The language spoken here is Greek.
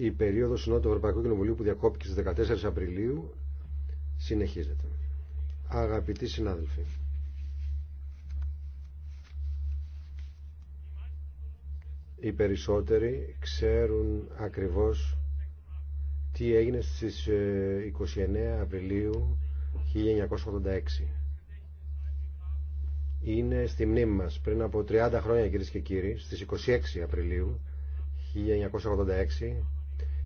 Η περίοδο συνόδου του Ευρωπαϊκού Κοινοβουλίου που διακόπηκε στι 14 Απριλίου συνεχίζεται. Αγαπητοί συνάδελφοι. οι περισσότεροι ξέρουν ακριβώς τι έγινε στις 29 ε, Απριλίου 1986. Είναι στη μνήμη μας πριν από 30 χρόνια κυρίες και κύριοι, στις 26 Απριλίου 1986